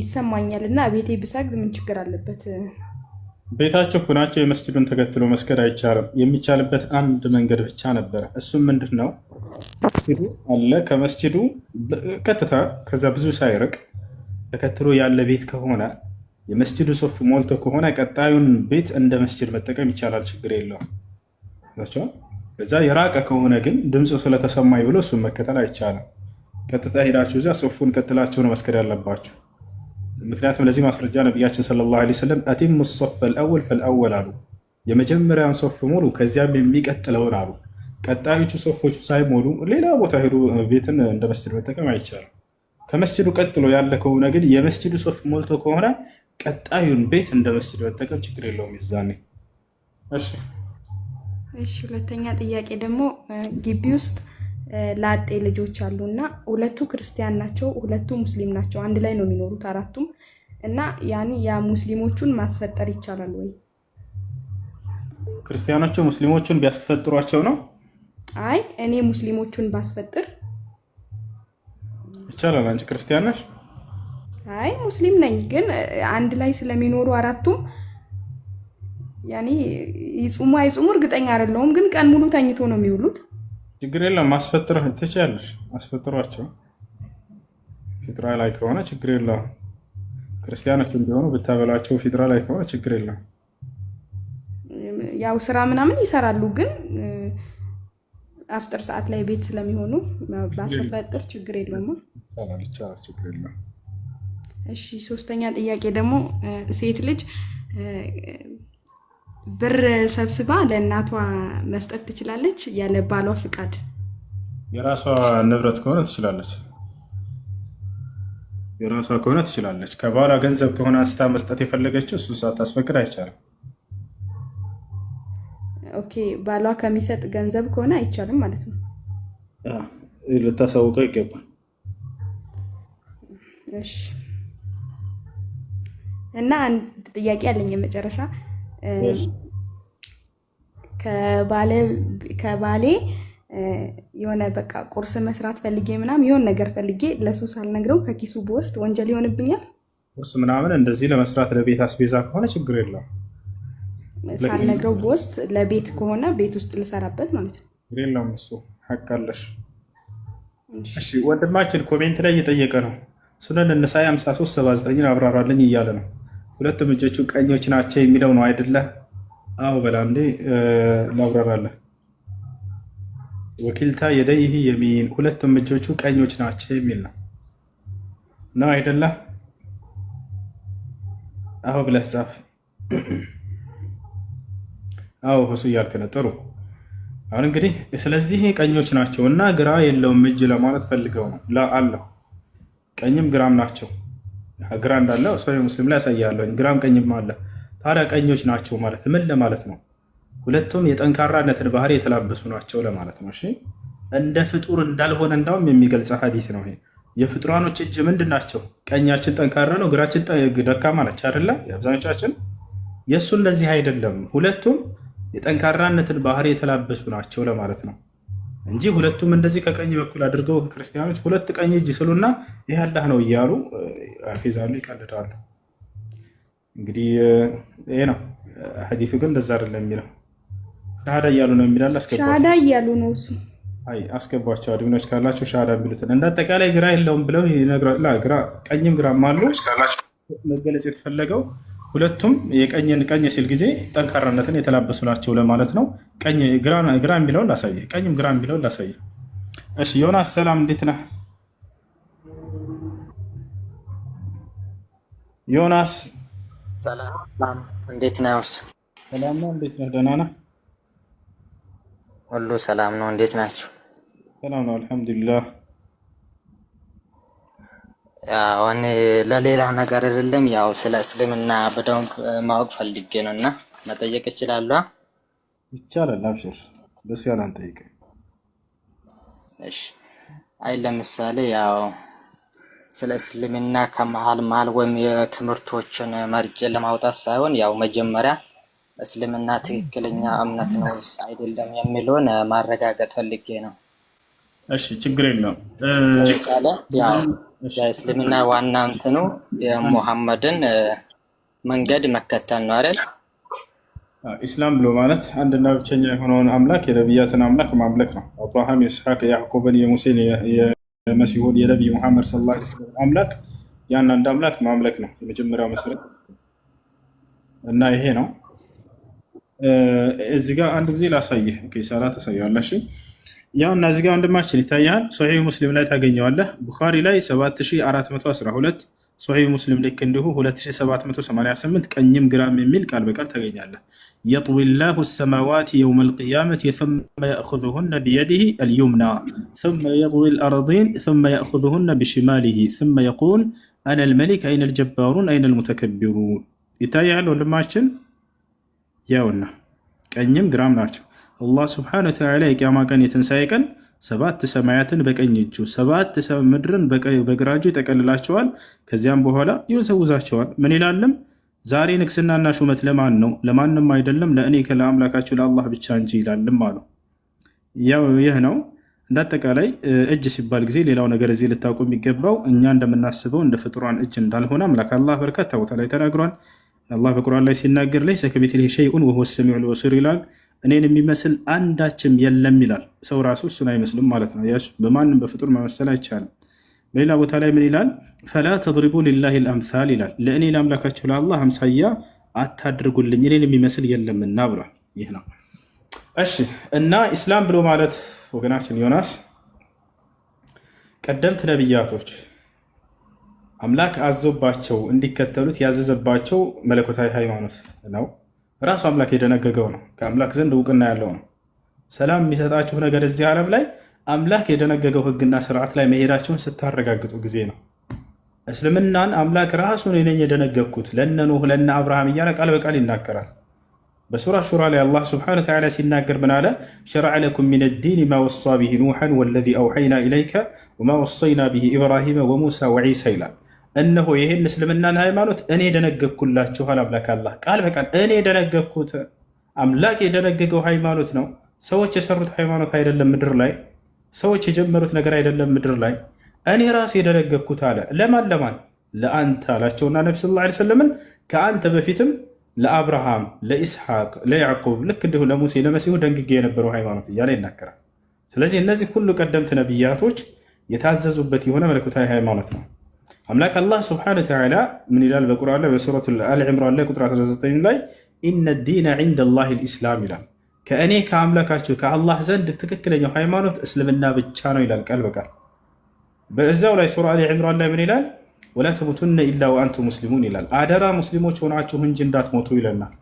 ይሰማኛል እና ቤቴ ብሰግድ ምን ችግር አለበት? ቤታቸው ሁናቸው የመስጅዱን ተከትሎ መስገድ አይቻልም። የሚቻልበት አንድ መንገድ ብቻ ነበረ። እሱም ምንድን ነው? መስጅዱ አለ። ከመስጅዱ ቀጥታ ከዛ ብዙ ሳይርቅ ተከትሎ ያለ ቤት ከሆነ የመስጅዱ ሶፍ ሞልቶ ከሆነ ቀጣዩን ቤት እንደ መስጅድ መጠቀም ይቻላል። ችግር የለውም። ከዛ የራቀ ከሆነ ግን ድምፁ ስለተሰማኝ ብሎ እሱን መከተል አይቻልም። ቀጥታ ሄዳችሁ እዚያ ሶፉን ቀጥላችሁ ነው መስገድ ያለባችሁ። ምክንያቱም ለዚህ ማስረጃ ነቢያችን ሰለላሁ ዐለይሂ ወሰለም አቲሙ ሶፍ ፈልአወል ፈልአወል አሉ። የመጀመሪያውን ሶፍ ሙሉ፣ ከዚያም የሚቀጥለውን አሉ። ቀጣዮቹ ሶፎቹ ሳይሞሉ ሌላ ቦታ ሄዱ ቤትን እንደ መስጅድ መጠቀም አይቻልም። ከመስጅዱ ቀጥሎ ያለ ከሆነ ግን የመስጅዱ ሶፍ ሞልቶ ከሆነ ቀጣዩን ቤት እንደ መስጅድ መጠቀም ችግር የለውም። ይዛኔ እሺ። ሁለተኛ ጥያቄ ደግሞ ግቢ ውስጥ ላጤ ልጆች አሉ እና ሁለቱ ክርስቲያን ናቸው፣ ሁለቱ ሙስሊም ናቸው። አንድ ላይ ነው የሚኖሩት አራቱም እና ያኔ ያ ሙስሊሞቹን ማስፈጠር ይቻላል ወይ? ክርስቲያኖቹ ሙስሊሞቹን ቢያስፈጥሯቸው ነው። አይ እኔ ሙስሊሞቹን ባስፈጥር ይቻላል። አንቺ ክርስቲያን ነሽ? አይ ሙስሊም ነኝ፣ ግን አንድ ላይ ስለሚኖሩ አራቱም ያኔ ይጹሙ አይጹሙ እርግጠኛ አይደለሁም፣ ግን ቀን ሙሉ ተኝቶ ነው የሚውሉት ችግር የለም። ማስፈጥር ትችያለሽ። አስፈጥሯቸው። ፊጥራ ላይ ከሆነ ችግር የለውም። ክርስቲያኖች ቢሆኑ ብታበላቸው ፊጥራ ላይ ከሆነ ችግር የለውም። ያው ስራ ምናምን ይሰራሉ፣ ግን አፍጥር ሰዓት ላይ ቤት ስለሚሆኑ ባስፈጥር ችግር የለውም። ችግር እሺ፣ ሶስተኛ ጥያቄ ደግሞ ሴት ልጅ ብር ሰብስባ ለእናቷ መስጠት ትችላለች፣ ያለ ባሏ ፍቃድ። የራሷ ንብረት ከሆነ ትችላለች፣ የራሷ ከሆነ ትችላለች። ከባሏ ገንዘብ ከሆነ አንስታ መስጠት የፈለገችው እሱ ሳታስፈቅድ አይቻልም። ኦኬ፣ ባሏ ከሚሰጥ ገንዘብ ከሆነ አይቻልም ማለት ነው። ልታሳውቀው ይገባል። እሺ። እና አንድ ጥያቄ አለኝ የመጨረሻ ከባሌ የሆነ በቃ ቁርስ መስራት ፈልጌ ምናምን የሆን ነገር ፈልጌ ለሱ ሳልነግረው ከኪሱ በውስጥ ወንጀል ይሆንብኛል። ቁርስ ምናምን እንደዚህ ለመስራት ለቤት አስቤዛ ከሆነ ችግር የለው። ሳልነግረው በውስጥ ለቤት ከሆነ ቤት ውስጥ ልሰራበት ማለት ነው። የለውም እሱ ሀቃለሽ። እሺ ወንድማችን ኮሜንት ላይ እየጠየቀ ነው። ሱነን ንሳኤ 53 79 አብራራልኝ እያለ ነው ሁለቱም እጆቹ ቀኞች ናቸው የሚለው ነው አይደለ? አዎ በላ እንዴ ላብራራለህ። ወኪልታ የደይህ የሚን ሁለቱም እጆቹ ቀኞች ናቸው የሚል ነው ነው አይደለ? አዎ ብለህ ጻፍ። አዎ እሱ እያልክ ነው። ጥሩ አሁን እንግዲህ ስለዚህ ቀኞች ናቸው እና ግራ የለውም እጅ ለማለት ፈልገው ነው። ላ አለው ቀኝም ግራም ናቸው ግራ እንዳለ ሰው ሙስሊም ላይ ያሳያለሁ። ግራም ቀኝም አለ። ታዲያ ቀኞች ናቸው ማለት ምን ለማለት ነው? ሁለቱም የጠንካራነትን ባህሪ የተላበሱ ናቸው ለማለት ነው። እሺ እንደ ፍጡር እንዳልሆነ እንዳውም የሚገልጽ ሀዲት ነው የፍጡራኖች እጅ ምንድን ናቸው? ቀኛችን ጠንካራ ነው፣ ግራችን ደካማ ነች አይደለ? የአብዛኞቻችን የእሱ እንደዚህ አይደለም። ሁለቱም የጠንካራነትን ባህሪ የተላበሱ ናቸው ለማለት ነው። እንጂ ሁለቱም እንደዚህ ከቀኝ በኩል አድርገው ክርስቲያኖች ሁለት ቀኝ እጅ ስሉና ይህ አላህ ነው እያሉ ያፌዛሉ፣ ይቀልዳሉ። እንግዲህ ይሄ ነው ሐዲሱ ግን እንደዛ አይደለም የሚለው ሻሃዳ እያሉ ነው የሚላል ሻሃዳ እያሉ ነው እሱ አይ አስገቧቸው። አድሚኖች ካላቸው ሻሃዳ የሚሉትን እንደ አጠቃላይ ግራ የለውም ብለው ይነግራል። ቀኝም ግራም አሉ መገለጽ የተፈለገው ሁለቱም የቀኝን ቀኝ ሲል ጊዜ ጠንካራነትን የተላበሱ ናቸው ለማለት ነው። ግራ የሚለውን ላሳየ፣ ቀኝም ግራ የሚለውን ላሳየ። እሺ ዮናስ ሰላም፣ እንዴት ነህ ዮናስ? ሰላም፣ እንዴት ነህ? ሰላም ነው። እንዴት ነህ? ደህና ነህ? ሁሉ ሰላም ነው። እንዴት ናቸው? ሰላም ነው፣ አልሐምዱሊላህ አሁን ለሌላ ነገር አይደለም፣ ያው ስለ እስልምና በደንብ ማወቅ ፈልጌ ነው እና መጠየቅ ይችላሉ? ይቻላል። አብሽር፣ ደስ ያለን ጠይቀ። እሺ። አይ ለምሳሌ ያው ስለ እስልምና ከመሀል መሀል ወይም የትምህርቶችን መርጬ ለማውጣት ሳይሆን ያው መጀመሪያ እስልምና ትክክለኛ እምነት ነው አይደለም የሚለውን ማረጋገጥ ፈልጌ ነው። እሺ፣ ችግር የለውም። ለምሳሌ ያው በእስልምና ዋና እንትኑ የሙሐመድን መንገድ መከተል ነው አይደል? ኢስላም ብሎ ማለት አንድና ብቸኛ የሆነውን አምላክ የነቢያትን አምላክ ማምለክ ነው። አብርሃም፣ የስሐቅ፣ የያዕቆብን፣ የሙሴን፣ የመሲሁን፣ የነቢ ሙሐመድ ሰለላሁ ዐለይሂ ወሰለም አምላክ ያን አንድ አምላክ ማምለክ ነው የመጀመሪያው መሰረት እና ይሄ ነው። እዚህ ጋር አንድ ጊዜ ላሳይህ ሰላ ተሳያላሽ ያው እና እዚህ ጋ ወንድማችን ይታያል። ሶሒህ ሙስሊም ላይ ታገኘዋለህ። ቡኻሪ ላይ 7412 ሶሒህ ሙስሊም ልክ እንዲሁ 2788 ቀኝም ግራም የሚል ቃል በቃል ታገኛለህ። የጥዊ ላሁ ሰማዋት የውም ልቅያመት ثመ የእኹዙሁነ ብየድህ አልዩምና ثመ የጥዊ ልአርዲን ثመ የእኹዙሁነ ብሽማሊህ ثመ የቁል አነ ልመሊክ አይነ ልጀባሩን አይነ ልሙተከቢሩን ይታያል ወንድማችን። ያውና ቀኝም ግራም ናቸው አላህ ስብሐነሁ ወተዓላ የቅያማ ቀን የትንሣኤ ቀን ሰባት ሰማያትን በቀኝ እጁ ሰባት ምድርን በግራ እጁ ይጠቀልላቸዋል። ከዚያም በኋላ ይወዘውዛቸዋል። ምን ይላልም? ዛሬ ንግስናና ሹመት ለማን ነው? ለማንም አይደለም፣ ለእኔ ለአምላካችሁ ለአላህ ብቻ እንጂ ይላልም አሉ። ይህ ነው እንዳጠቃላይ እጅ ሲባል ጊዜ ሌላው ነገር እዚህ ልታውቁ የሚገባው እኛ እንደምናስበው እንደ ፍጡራን እጅ እንዳልሆነ አምላክ አላህ በርካታ ቦታ ላይ ተናግሯል። አላህ በቁርአን ላይ ሲናገር ላይ ሰከሚስሊሂ ሸይኡን ወሁወ ሰሚዑል በሲር ይላል። እኔን የሚመስል አንዳችም የለም ይላል። ሰው ራሱ እሱን አይመስልም ማለት ነው። በማንም በፍጡር መመሰል አይቻልም። በሌላ ቦታ ላይ ምን ይላል? ፈላ ተድሪቡ ሊላሂ ልአምሳል ይላል። ለእኔ ለአምላካችሁ ለአላህ አምሳያ አታድርጉልኝ እኔን የሚመስል የለምና ብሏል። ይህ ነው እሺ። እና ኢስላም ብሎ ማለት ወገናችን ዮናስ ቀደምት ነቢያቶች አምላክ አዞባቸው እንዲከተሉት ያዘዘባቸው መለኮታዊ ሃይማኖት ነው። ራሱ አምላክ የደነገገው ነው። ከአምላክ ዘንድ እውቅና ያለው ነው። ሰላም የሚሰጣችሁ ነገር እዚህ ዓለም ላይ አምላክ የደነገገው ህግና ስርዓት ላይ መሄዳቸውን ስታረጋግጡ ጊዜ ነው። እስልምናን አምላክ ራሱን እኔ ነኝ የደነገግኩት ለነ ኖህ ለነ አብርሃም እያለ ቃል በቃል ይናገራል። በሱራ ሹራ ላይ አላህ ስብሐነሁ ወተዓላ ሲናገር ምን አለ? ሸረዐ ለኩም ሚነ ዲን ማ ወሳ ቢሂ ኑሐን ወለዚ አውሐይና ኢለይከ ወማ ወሰይና ቢሂ ኢብራሂመ ወሙሳ ወዒሳ ይላል። እነሆ ይህን እስልምናን ሃይማኖት እኔ ደነገግኩላችኋል። አምላክ አላህ ቃል በቃል እኔ ደነገግኩት። አምላክ የደነገገው ሃይማኖት ነው። ሰዎች የሰሩት ሃይማኖት አይደለም ምድር ላይ ሰዎች የጀመሩት ነገር አይደለም ምድር ላይ እኔ ራሴ የደነገግኩት አለ። ለማን ለማን? ለአንተ አላቸውና ነቢ ላ ስለምን ከአንተ በፊትም ለአብርሃም፣ ለኢስሐቅ፣ ለያዕቁብ ልክ እንዲሁ ለሙሴ ለመሲሁ ደንግጌ የነበረው ሃይማኖት እያለ ይናገራል። ስለዚህ እነዚህ ሁሉ ቀደምት ነቢያቶች የታዘዙበት የሆነ መለኮታዊ ሃይማኖት ነው። አምላክ አላህ ስብሐነሁ ወተዓላ ምን ይላል በቁርአን ላይ በሱረት አልዕምራን ላይ ቁጥር 19 ላይ ኢነ ዲነ ዒንደላሂ ልኢስላም ይላል። ከእኔ ከአምላካችሁ ከአላህ ዘንድ ትክክለኛው ሃይማኖት እስልምና ብቻ ነው ይላል ቃል በቃል። በዛው ላይ ሱራ አሊ ዕምራን ላይ ምን ይላል? ወላ ተሙቱነ ኢላ ወአንቱም ሙስሊሙን ይላል። አደራ ሙስሊሞች ሆናችሁ እንጂ እንዳትሞቱ ይለናል።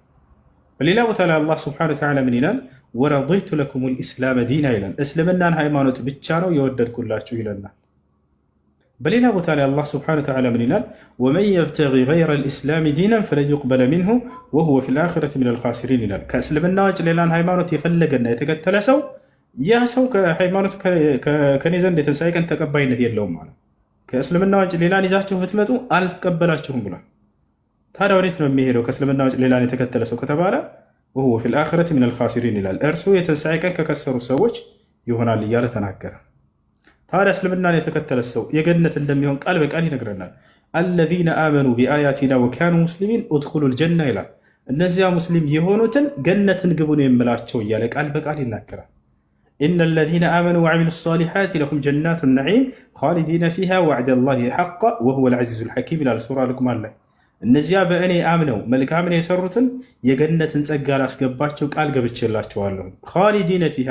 በሌላ ቦታ ላይ አላህ ስብሐነሁ ወተዓላ ምን ይላል? ወረዲቱ ለኩም ልኢስላመ ዲና ይላል። እስልምናን ሃይማኖት ብቻ ነው የወደድኩላችሁ ይለናል። በሌላ ቦታ ላይ አላህ ስብሐነሁ ወተዓላ ምን ይላል? ወመን የብተጊ ገይረ ልእስላሚ ዲናን ፈለን ዩቅበለ ሚንሁ ወሁወ ፊል አኺረቲ ሚነል ኻሲሪን ይላል። ከእስልምና ውጭ ሌላን ሃይማኖት የፈለገና የተከተለ ሰው ያ ሰው ከሃይማኖቱ ከኔ ዘንድ የትንሣኤ ቀን ተቀባይነት የለውም ማለት ከእስልምና ውጭ ሌላን ይዛችሁ ብትመጡ አልቀበላችሁም ብሏል። ታዲያ ወዴት ነው የሚሄደው? ከእስልምና ውጭ ሌላን የተከተለ ሰው ከተባለ ወሁወ ፊል አኺረቲ ሚነል ኻሲሪን ይላል። እርሱ የትንሣኤ ቀን ከከሰሩ ሰዎች ይሆናል እያለ ተናገረ። ታዲያ እስልምናን የተከተለ ሰው የገነት እንደሚሆን ቃል በቃል ይነግረናል። አለዚነ አመኑ ቢአያቲና ወካኑ ሙስሊሚን ኡድኹሉል ጀና ይላል። እነዚያ ሙስሊም የሆኑትን ገነትን ግቡ ነው የምላቸው እያለ ቃል በቃል ይናገራል። ኢነ አለዚነ አመኑ ወዐሚሉ ሷሊሓት ለሁም ጀናቱ ነዒም ኻሊዲነ ፊሃ ወዕደላሂ ሐቃ ወሁወል ዐዚዙል ሐኪም ይላል ሱራ ልቁማን ላይ። እነዚያ በእኔ አምነው መልካምን የሰሩትን የገነትን ጸጋ ላስገባቸው ቃል ገብቼላቸዋለሁ። ኻሊዲነ ፊሃ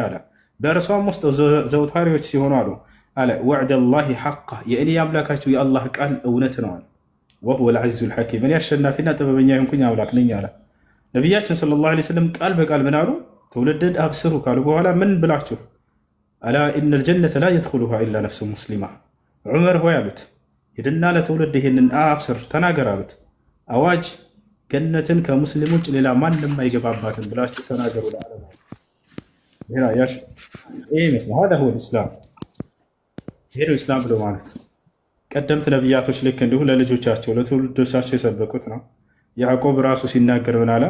በእርሷም ውስጥ ዘውታሪዎች ሲሆኑ አሉ አለ ወዕደላሂ ሐቃ የእኔ አምላካችሁ የአላህ ቃል እውነት ነው። ነዋል። ወሁወ ልዓዚዙል ሐኪም እኔ አሸናፊና ጥበበኛ የሆንኩኝ አምላክ ነኝ አለ። ነቢያችን ሰለላሁ ዓለይሂ ወሰለም ቃል በቃል ምን አሉ? ትውልድን አብስሩ ካሉ በኋላ ምን ብላችሁ? አላ ኢነል ጀነተ ላ የድኹሉሃ ኢላ ነፍሱ ሙስሊማ። ዑመር ሆይ አሉት፣ ሂድና ለትውልድ ይህንን አብስር ተናገር አሉት። አዋጅ ገነትን ከሙስሊም ውጭ ሌላ ማንም አይገባባትም ብላችሁ ተናገሩ ለዓለም ይመስላል። ይሄ ኢስላም ብሎ ማለት ቀደምት ነቢያቶች ልክ እንዲሁ ለልጆቻቸው ለትውልዶቻቸው የሰበቁት ነው። ያዕቆብ ራሱ ሲናገር ምናለ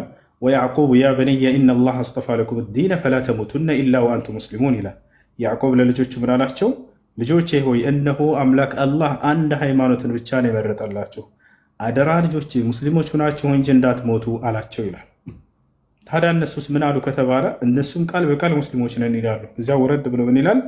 ወያዕቆብ ያ በነየ ኢና ላህ አስጠፋ ለኩም ዲነ ፈላ ተሙቱነ ኢላ ወአንቱ ሙስሊሙን ይላል። ያዕቆብ ለልጆቹ ምናላቸው? ልጆቼ ሆይ እነሆ አምላክ አላህ አንድ ሃይማኖትን ብቻ ነው የመረጠላችሁ፣ አደራ ልጆቼ ሙስሊሞች ሁናችሁ እንጂ እንዳትሞቱ አላቸው ይላል። ታዲያ እነሱስ ምን አሉ ከተባለ እነሱም ቃል በቃል ሙስሊሞች ነን ይላሉ። እዚያ ወረድ ብሎ ምን ይላል?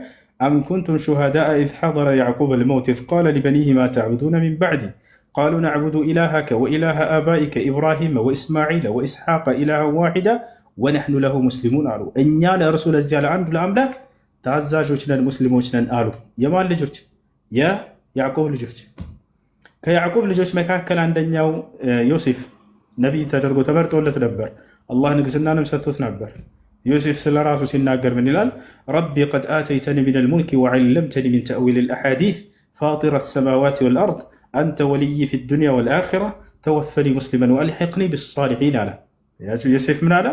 أم كنتم شهداء إذ حضر يعقوب الموت إذ قال لبنيه ما تعبدون من بعدي قالوا نعبد إلهك وإله آبائك إبراهيم وإسماعيل وإسحاق إله واحدا ወነሕኑ ለሁ ሙስሊሙን አሉ። እኛ ለእርሱ ለዚያ ለአንዱ ለአምላክ ታዛዦች ነን ሙስሊሞች ነን አሉ። የማን ልጆች? የያዕቆብ ልጆች። ከያዕቆብ ልጆች መካከል አንደኛው ዮሴፍ ነቢይ ተደርጎ ተመርጦለት ነበር። አላህ ንግስናንም ሰጥቶት ነበር። ዮሴፍ ስለ ራሱ ሲናገር ምን ይላል? ረቢ ቀድ አተይተኒ ሚነል ሙልኪ ወዓለምተኒ ሚን ተእዊል አልአሓዲስ ፋጢረ ሰማዋት ወልአርድ አንተ ወልይ ፊ ዱንያ ወልአኺራ ተወፈኒ ሙስሊመን ወአልሒቅኒ ብሳሊሒን አለ። ያችሁ ዮሴፍ ምን አለ?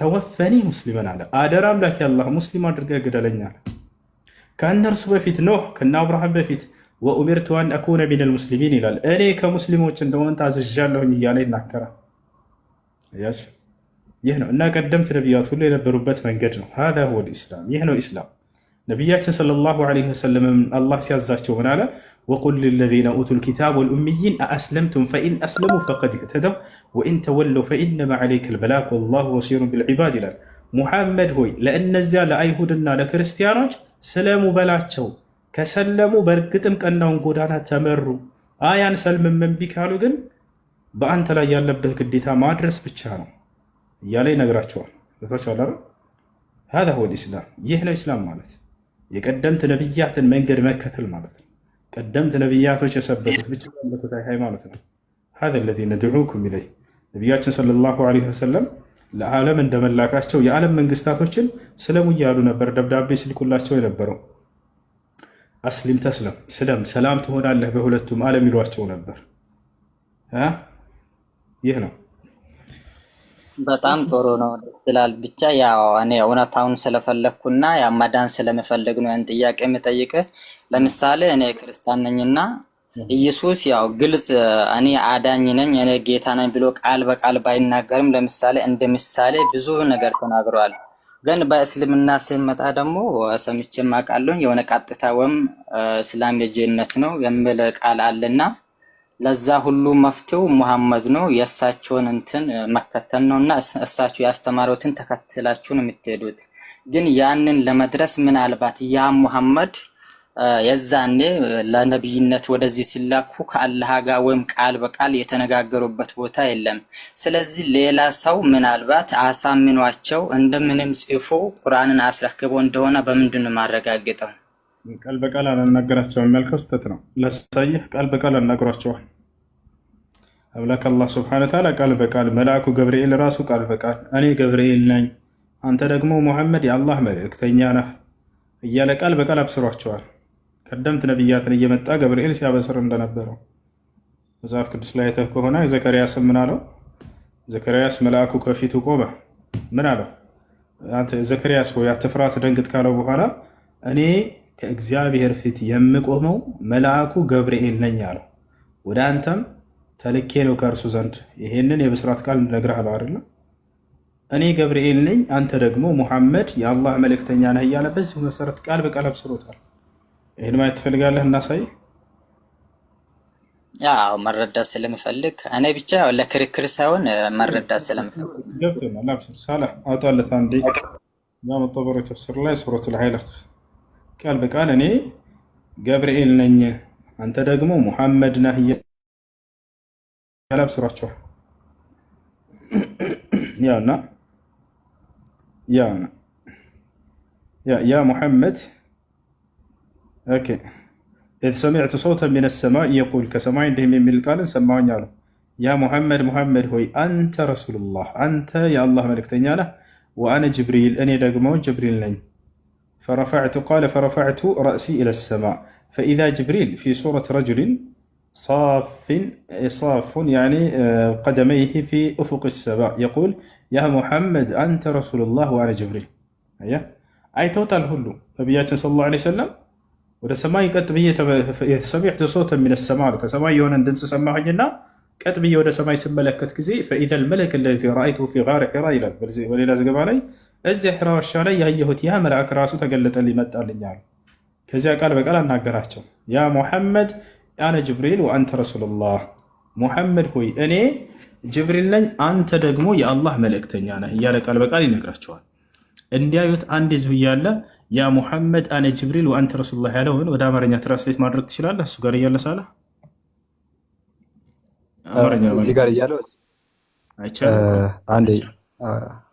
ተወፈኒ ሙስሊመን አለ። አደራ አምላክ ያላህ ሙስሊም አድርገህ ግደለኛል። ከእነርሱ በፊት ኖህ ከነ አብርሃም በፊት ወኡሚርቱ አን አኩነ ሚነል ሙስሊሚን ይላል። እኔ ከሙስሊሞች እንደሆን ታዝዣለሁኝ እያለ ይናገራል። ያችሁ ይህ ነው እና ቀደምት ነቢያት ሁሉ የነበሩበት መንገድ ነው። ሀዛ ሁወል ኢስላም፣ ይህ ነው ኢስላም። ነቢያችን ሰለላሁ ዐለይሂ ወሰለም አላህ ሲያዛቸው ምን አለ? ወቁል ሊለዚነ ኡቱል ኪታብ ወልኡምይን አአስለምቱም ፈኢን አስለሙ ፈቀድ እህተደው ወኢን ተወለው ፈኢነማ ዐለይከል በላግ ወላሁ በሲሩን ቢልዒባድ ይላል። ሙሐመድ ሆይ ለእነዚያ ለአይሁድና ለክርስቲያኖች ስለሙ በላቸው። ከሰለሙ በእርግጥም ቀናውን ጎዳና ተመሩ። አያን ሰልምም እምቢ ካሉ ግን በአንተ ላይ ያለብህ ግዴታ ማድረስ ብቻ ነው። እያለ ይነግራቸዋል። ቶቻላ ሀዛ ሁወል ኢስላም፣ ይህ ነው ኢስላም ማለት የቀደምት ነብያትን መንገድ መከተል ማለት ነው። ቀደምት ነብያቶች የሰበቱት ብቻ ሃይማኖት ነው። ሀዛ ለዚ ነድዑኩም ኢለይህ ነቢያችን ሰለላሁ ዐለይሂ ወሰለም ለዓለም እንደመላካቸው የዓለም መንግስታቶችን ስለሙ እያሉ ነበር ደብዳቤ ሲልኩላቸው የነበረው። አስሊም ተስለም ስለም ሰላም ትሆናለህ በሁለቱም ዓለም ይሏቸው ነበር። ይህ ነው በጣም ጥሩ ነው ስላል ብቻ ያው እኔ እውነታውን ስለፈለግኩና ያው ማዳን ስለምፈልግ ነው ያን ጥያቄ የምጠይቅህ። ለምሳሌ እኔ ክርስቲያን ነኝና ኢየሱስ ያው ግልጽ እኔ አዳኝ ነኝ እኔ ጌታ ነኝ ብሎ ቃል በቃል ባይናገርም ለምሳሌ እንደ ምሳሌ ብዙ ነገር ተናግሯል ግን በእስልምና ስመጣ ደግሞ ሰምቼ ማውቃለሁ የሆነ ቀጥታ ወይም እስላም የጀነት ነው የሚል ቃል አለና ለዛ ሁሉ መፍትሄው ሙሐመድ ነው። የእሳቸውን እንትን መከተል ነው እና እሳቸው ያስተማሩትን ተከትላችሁን የምትሄዱት። ግን ያንን ለመድረስ ምናልባት ያ ሙሐመድ የዛኔ ለነቢይነት ወደዚህ ሲላኩ ከአላህ ጋር ወይም ቃል በቃል የተነጋገሩበት ቦታ የለም። ስለዚህ ሌላ ሰው ምናልባት አሳምኗቸው እንደምንም ጽፎ ቁርአንን አስረክቦ እንደሆነ በምንድን ማረጋግጠው? ቃል በቃል አላናገራቸውም የሚያልከው ስህተት ነው። ላሳየህ። ቃል በቃል አናግሯቸዋል። አምላክ አላህ ስብሐነሁ ወተዓላ ቃል በቃል መልአኩ ገብርኤል ራሱ ቃል በቃል እኔ ገብርኤል ነኝ፣ አንተ ደግሞ ሙሐመድ የአላህ መልእክተኛ ነህ እያለ ቃል በቃል አብስሯቸዋል። ቀደምት ነቢያትን እየመጣ ገብርኤል ሲያበስር እንደነበረው መጽሐፍ ቅዱስ ላይ አይተህ ከሆነ ዘከርያስም ምን አለው? ዘከርያስ መልአኩ ከፊቱ ቆመ። ምን አለው? ዘከርያስ ሆይ አትፍራ፣ አትደንግጥ ካለው በኋላ እኔ ከእግዚአብሔር ፊት የምቆመው መልአኩ ገብርኤል ነኝ አለው። ወደ አንተም ተልኬ ነው ከእርሱ ዘንድ ይሄንን የብስራት ቃል ነግረሃለሁ አይደለም? እኔ ገብርኤል ነኝ፣ አንተ ደግሞ ሙሐመድ የአላህ መልእክተኛ ነህ እያለ በዚሁ መሰረት ቃል በቃል አብስሮታል። ይህን ማየት ትፈልጋለህ? እናሳይ። ያው መረዳት ስለምፈልግ እኔ ብቻ ለክርክር ሳይሆን መረዳት ስለምፈልግ ገብቶናል። አብሽር ሳላ አውጣለት አንዴ ያመጠበሮ መጠበረ ላይ ሱረቱል ሀለቅ ቃል በቃል እኔ ገብርኤል ነኝ አንተ ደግሞ ሙሐመድ ነህ ያላብስራቸዋል። ያና ያና ያ ሙሐመድ ኦኬ ኢዝ ሰሚዕቱ ሰውተን ሚነ ሰማይ የቁል ከሰማይ እንዲህም የሚል ቃልን ሰማሁኝ አሉ። ያ ሙሐመድ ሙሐመድ ሆይ አንተ ረሱሉላህ አንተ የአላህ መልእክተኛ ነህ፣ ወአነ ጅብሪል እኔ ደግሞ ጅብሪል ነኝ فرفعت قال فرفعت رأسي إلى السماء فإذا جبريل في صورة رجل صاف صاف يعني آه، قدميه في أفق السماء يقول يا محمد أنت رسول الله وأنا جبريل هيا أيوة. أي توتال هلو نبيات صلى الله عليه وسلم ولا سماي قد بي سمعت صوتا من السماء كسماي يونا دنس سماع جنا قد بي ولا سماي سملكت كزي فإذا الملك الذي رأيته في غار حراء ولي لازق عليه እዚያ ሒራ ዋሻ ላይ ያየሁት ያ መልአክ ራሱ ተገለጠልኝ መጣልኝ አሉ። ከዚያ ቃል በቃል አናገራቸው። ያ ሙሐመድ አነ ጅብሪል ወአንተ ረሱሉላህ፣ ሙሐመድ ሆይ እኔ ጅብሪል ነኝ፣ አንተ ደግሞ የአላህ መልእክተኛ ነህ እያለ ቃል በቃል ይነግራቸዋል። እንዲያዩት አንድ ህዝብ እያለ ያ ሙሐመድ አነ ጅብሪል ወአንተ ረሱሉላህ ያለውን ወደ አማርኛ ትራንስሌት ማድረግ ትችላለህ? እሱ ጋር እያለ ሳለ አማርኛ ጋር እያለ አይቻልም።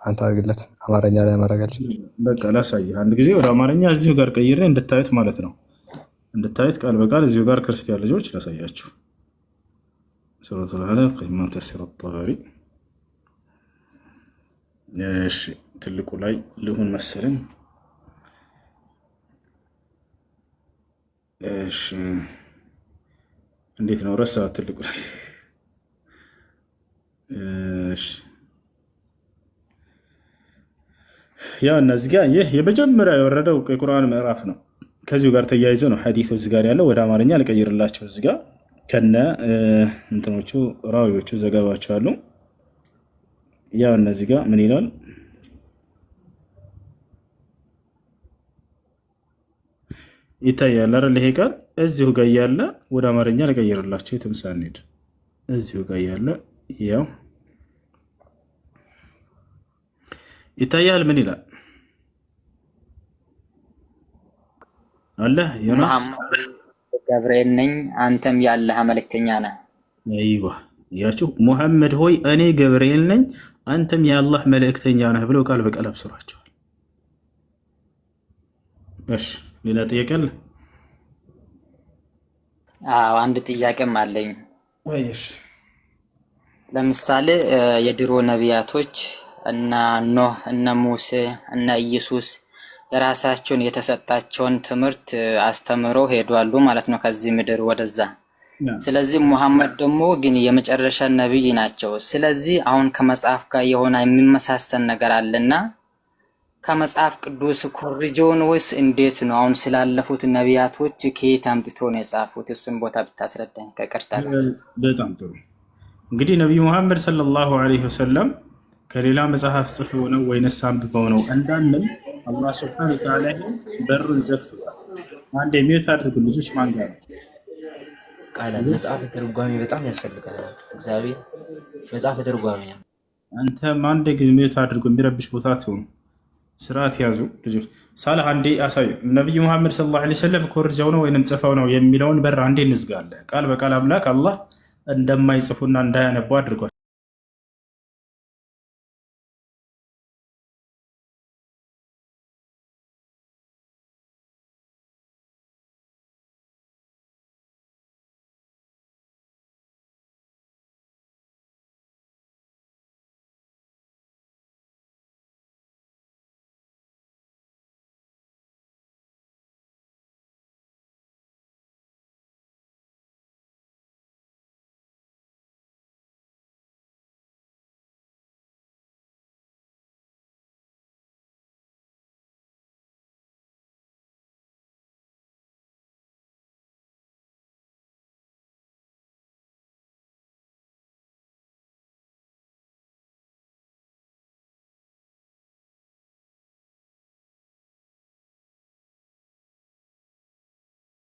አንተ አድርግለት። አማርኛ ላይ ማድረጋችን በቃ ላሳይህ አንድ ጊዜ ወደ አማርኛ እዚሁ ጋር ቀይሬ እንድታዩት ማለት ነው። እንድታዩት ቃል በቃል እዚሁ ጋር ክርስቲያን ልጆች ላሳያችሁ። ሱረቱል አለቅ ኢማም ተፍሲር ጠበሪ። እሺ ትልቁ ላይ ልሁን መሰለኝ። እሺ እንዴት ነው ረሳ? ትልቁ ላይ እሺ ያ እነዚህ ጋ ይህ የመጀመሪያ የወረደው የቁርአን ምዕራፍ ነው። ከዚሁ ጋር ተያይዘ ነው ሐዲሱ እዚህ ጋር ያለው ወደ አማርኛ ልቀይርላቸው። እዚህ ጋር ከነ እንትኖቹ ራዊዎቹ ዘገባቸው አሉ። ያው እነዚህ ጋር ምን ይላል? ይታያል አይደል? ይሄ ቃል እዚሁ ጋ ያለ ወደ አማርኛ ልቀይርላቸው። የትም ሳንሄድ እዚሁ ጋ ያለ ያው ይታያል። ምን ይላል? አለ ገብርኤል ነኝ፣ አንተም የአላህ መልእክተኛ ነህ። አይዋ ያችሁ ሙሐመድ ሆይ እኔ ገብርኤል ነኝ፣ አንተም የአላህ መልእክተኛ ነህ ብለው ቃል በቃል አብስሯቸዋል። እሺ ሌላ ጥያቄ አለ? አዎ አንድ ጥያቄም አለኝ። ለምሳሌ የድሮ ነቢያቶች እነ ኖህ፣ እነ ሙሴ፣ እነ ኢየሱስ ራሳቸውን የተሰጣቸውን ትምህርት አስተምረው ሄዷሉ ማለት ነው ከዚህ ምድር ወደዛ። ስለዚህ ሙሐመድ ደግሞ ግን የመጨረሻ ነቢይ ናቸው። ስለዚህ አሁን ከመጽሐፍ ጋር የሆነ የሚመሳሰል ነገር አለና ከመጽሐፍ ቅዱስ ኮርጆን ወይስ እንዴት ነው? አሁን ስላለፉት ነቢያቶች ከየት አምጥቶ ነው የጻፉት? እሱን ቦታ ብታስረዳኝ ከቅርታ። በጣም ጥሩ እንግዲህ ነቢዩ ሙሐመድ ሰለላሁ ዐለይሂ ወሰለም ከሌላ መጽሐፍ ጽፈው ነው ወይንስ አንብበው ነው እንዳንል አላህ ስብሐነ ወተዓላ በሩን ዘግቶታል። አንድ የሚወት አድርጉ ልጆች ማንጋ ነው ቃላት መጽሐፍ ትርጓሜ በጣም ያስፈልጋል። እግዚአብሔር መጽሐፍ ትርጓሜ አንተ አንድ ግ ሚወት አድርጉ የሚረብሽ ቦታ ትሆኑ ስርዓት ያዙ ልጆች። ሳላህ አንዴ አሳዩ። ነቢዩ መሐመድ ሰለላሁ ዐለይሂ ወሰለም ኮርጃው ነው ወይም ጽፈው ነው የሚለውን በር አንዴ እንዝጋለ። ቃል በቃል አምላክ አላህ እንደማይጽፉና እንዳያነቡ አድርጓል።